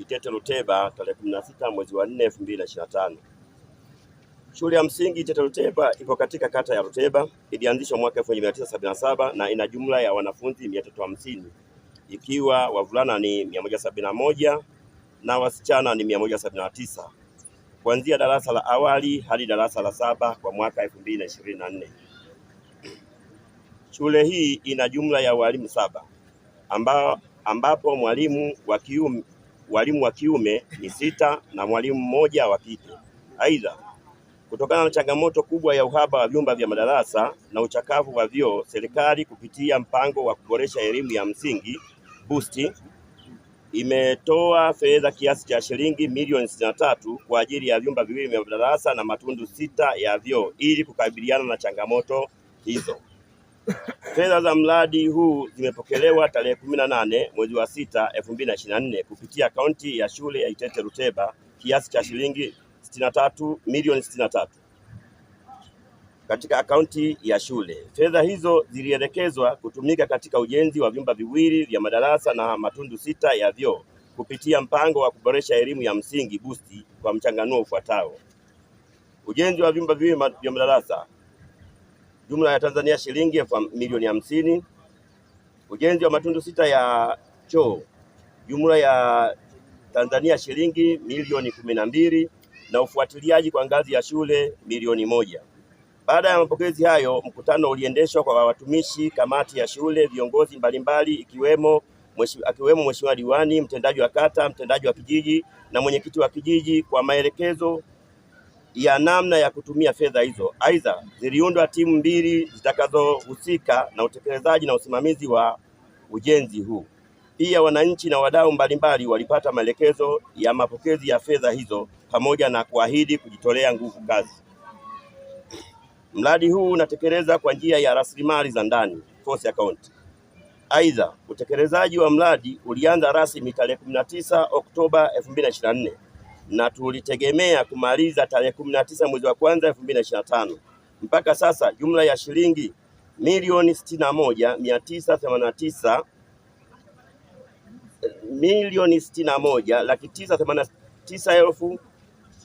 Itete Luteba tarehe 16 mwezi wa 4 2025. Shule ya msingi Itete Luteba ipo katika kata ya Luteba, ilianzishwa mwaka 1977 na ina jumla ya wanafunzi 350 ikiwa wavulana ni 171 na wasichana ni 179 kuanzia darasa la awali hadi darasa la saba kwa mwaka 2024. Shule hii ina jumla ya walimu saba amba, ambapo mwalimu wa kiume walimu wa kiume ni sita na mwalimu mmoja wa kike. Aidha, kutokana na changamoto kubwa ya uhaba wa vyumba vya madarasa na uchakavu wa vyoo, serikali kupitia mpango wa kuboresha elimu ya msingi busti imetoa fedha kiasi cha shilingi milioni sitini na tatu kwa ajili ya vyumba viwili vya madarasa na matundu sita ya vyoo ili kukabiliana na changamoto hizo. Fedha za mradi huu zimepokelewa tarehe kumi na nane mwezi wa sita elfu mbili na ishirini na nne kupitia akaunti ya shule ya Itete Ruteba kiasi cha shilingi 63 milioni 63 katika akaunti ya shule. Fedha hizo zilielekezwa kutumika katika ujenzi wa vyumba viwili vya madarasa na matundu sita ya vyoo kupitia mpango wa kuboresha elimu ya msingi busti kwa mchanganuo ufuatao: ujenzi wa vyumba viwili vya madarasa jumla ya Tanzania shilingi milioni hamsini. Ujenzi wa matundu sita ya choo jumla ya Tanzania shilingi milioni kumi na mbili na ufuatiliaji kwa ngazi ya shule milioni moja. Baada ya mapokezi hayo, mkutano uliendeshwa kwa watumishi, kamati ya shule, viongozi mbalimbali ikiwemo akiwemo mheshimiwa diwani, mtendaji wa kata, mtendaji wa kijiji na mwenyekiti wa kijiji kwa maelekezo ya namna ya kutumia fedha hizo. Aidha, ziliundwa timu mbili zitakazohusika na utekelezaji na usimamizi wa ujenzi huu. Pia wananchi na wadau mbalimbali walipata maelekezo ya mapokezi ya fedha hizo pamoja na kuahidi kujitolea nguvu kazi. Mradi huu unatekeleza kwa njia ya rasilimali za ndani force account. Aidha, utekelezaji wa mradi ulianza rasmi tarehe 19 Oktoba 2024 na tulitegemea kumaliza tarehe kumi na tisa mwezi wa kwanza elfu mbili na ishirini na tano. Mpaka sasa jumla ya shilingi milioni sitini na moja mia tisa themanini na tisa milioni sitini na moja laki tisa themanini na tisa elfu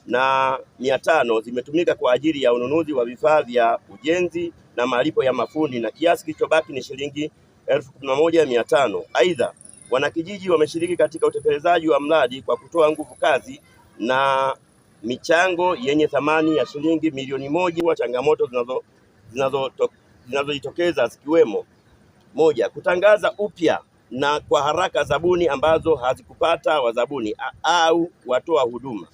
na mia tano zimetumika kwa ajili ya ununuzi wa vifaa vya ujenzi na malipo ya mafundi na kiasi kilichobaki ni shilingi elfu kumi na moja mia tano. Aidha, wanakijiji wameshiriki katika utekelezaji wa mradi kwa kutoa nguvu kazi na michango yenye thamani ya shilingi milioni moja kwa changamoto zinazojitokeza zikiwemo: moja, kutangaza upya na kwa haraka zabuni ambazo hazikupata wazabuni au watoa huduma,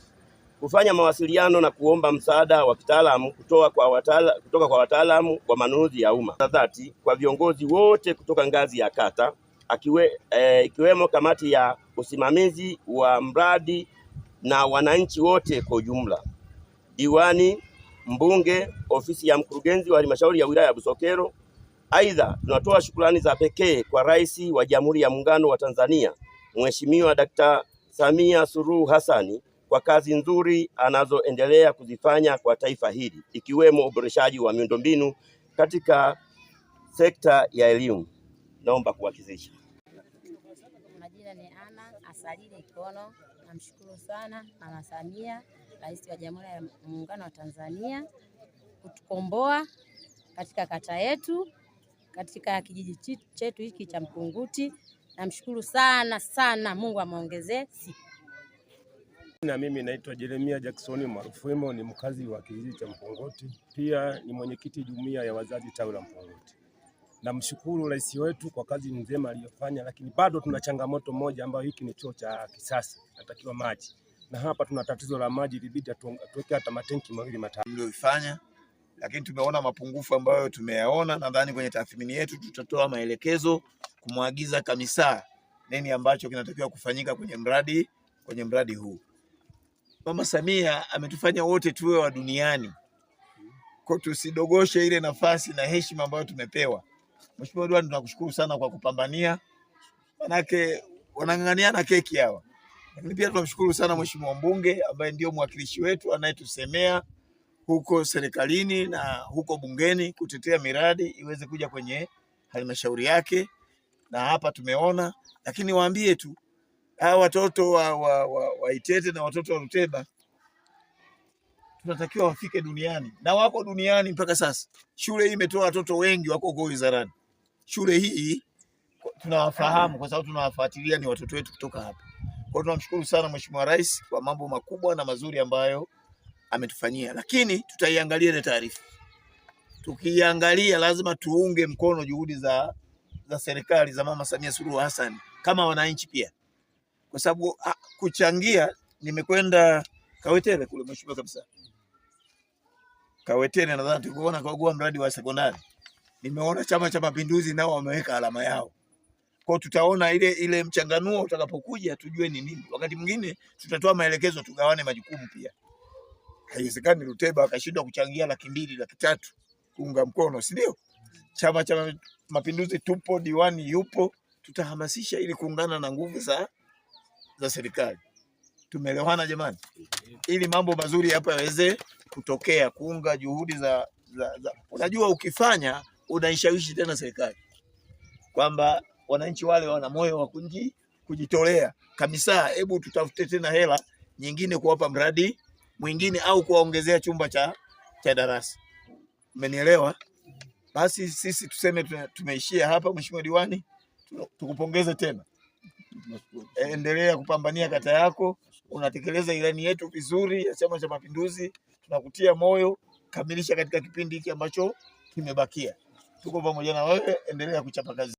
kufanya mawasiliano na kuomba msaada wa kitaalamu kutoka kwa wataalamu kutoka kwa wataalamu wa manunuzi ya umma dhati kwa viongozi wote kutoka ngazi ya kata akiwe, eh, ikiwemo kamati ya usimamizi wa mradi na wananchi wote kwa ujumla. Diwani, mbunge, ofisi ya mkurugenzi wa halmashauri ya wilaya ya Busokero. Aidha, tunatoa shukrani za pekee kwa Rais wa Jamhuri ya Muungano wa Tanzania Mheshimiwa Dkt. Samia Suluhu hasani kwa kazi nzuri anazoendelea kuzifanya kwa taifa hili ikiwemo uboreshaji wa miundombinu katika sekta ya elimu. Naomba kuwakizisha Salile Ikono. Namshukuru sana Mama Samia, Rais wa Jamhuri ya Muungano wa Tanzania, kutukomboa katika kata yetu, katika kijiji chetu hiki cha Mkunguti. Namshukuru sana sana, Mungu amwongezee siku na mimi naitwa Jeremia Jackson marufuimo ni mkazi wa kijiji cha mpunguti pia ni mwenyekiti jumuiya ya wazazi tawi la Mkongoti. Namshukuru rais wetu kwa kazi njema aliyofanya, lakini bado tuna changamoto moja ambayo hiki ni chuo cha kisasa, natakiwa maji na hapa tuna tatizo la maji, ilibidi tuweke hata matenki mawili matatu mlioifanya, lakini tumeona mapungufu ambayo tumeyaona. Nadhani kwenye tathmini yetu tutatoa maelekezo kumwagiza kamisa nini ambacho kinatakiwa kufanyika kwenye mradi kwenye mradi huu. Mama Samia ametufanya wote tuwe wa duniani, kwa tusidogoshe ile nafasi na heshima ambayo tumepewa. Mheshimiwa Duan, tunakushukuru sana kwa kupambania, manake na keki hawa. Lakini pia tunamshukuru sana Mheshimiwa mbunge ambaye ndio mwakilishi wetu anayetusemea huko serikalini na huko bungeni kutetea miradi iweze kuja kwenye halmashauri yake, na hapa tumeona. Lakini waambie tu hawa watoto wa, wa, wa, wa Itete na watoto wa Ruteba tunatakiwa wafike duniani na wako duniani mpaka sasa. Shule hii imetoa watoto wengi, wako huko wizarani. Shule hii tunawafahamu kwa sababu tunawafuatilia, ni watoto wetu kutoka hapa. Kwa hiyo tunamshukuru sana Mheshimiwa Rais kwa mambo makubwa na mazuri ambayo ametufanyia, lakini tutaiangalia ile taarifa. Tukiangalia lazima tuunge mkono juhudi za, za serikali za Mama Samia Suluhu Hassan kama wananchi pia, kwa sababu ah, kuchangia nimekwenda Kawetele kule mheshimiwa kabisa Kawetene nadhani tukuona kagua mradi wa sekondari. Nimeona Chama cha Mapinduzi nao wameweka alama yao. Kwa tutaona ile ile mchanganuo utakapokuja tujue ni nini. Wakati mwingine tutatoa maelekezo tugawane majukumu pia. Haiwezekani Luteba akashindwa kuchangia laki mbili laki tatu kuunga mkono, si ndio? Chama cha Mapinduzi tupo, diwani yupo, tutahamasisha ili kuungana na nguvu za za serikali. Tumeelewana jamani, ili mambo mazuri hapa yaweze kutokea kuunga juhudi za, za, za. Unajua, ukifanya unaishawishi tena serikali kwamba wananchi wale wana moyo wa kunji kujitolea kabisa, hebu tutafute tena hela nyingine kuwapa mradi mwingine au kuwaongezea chumba cha, cha darasa. Umenielewa? Basi sisi tuseme tumeishia hapa. Mheshimiwa Diwani, tukupongeze tena, endelea kupambania kata yako, unatekeleza ilani yetu vizuri ya Chama cha Mapinduzi tunakutia moyo, kamilisha katika kipindi hiki ambacho kimebakia. Tuko pamoja na wewe, endelea kuchapa kazi.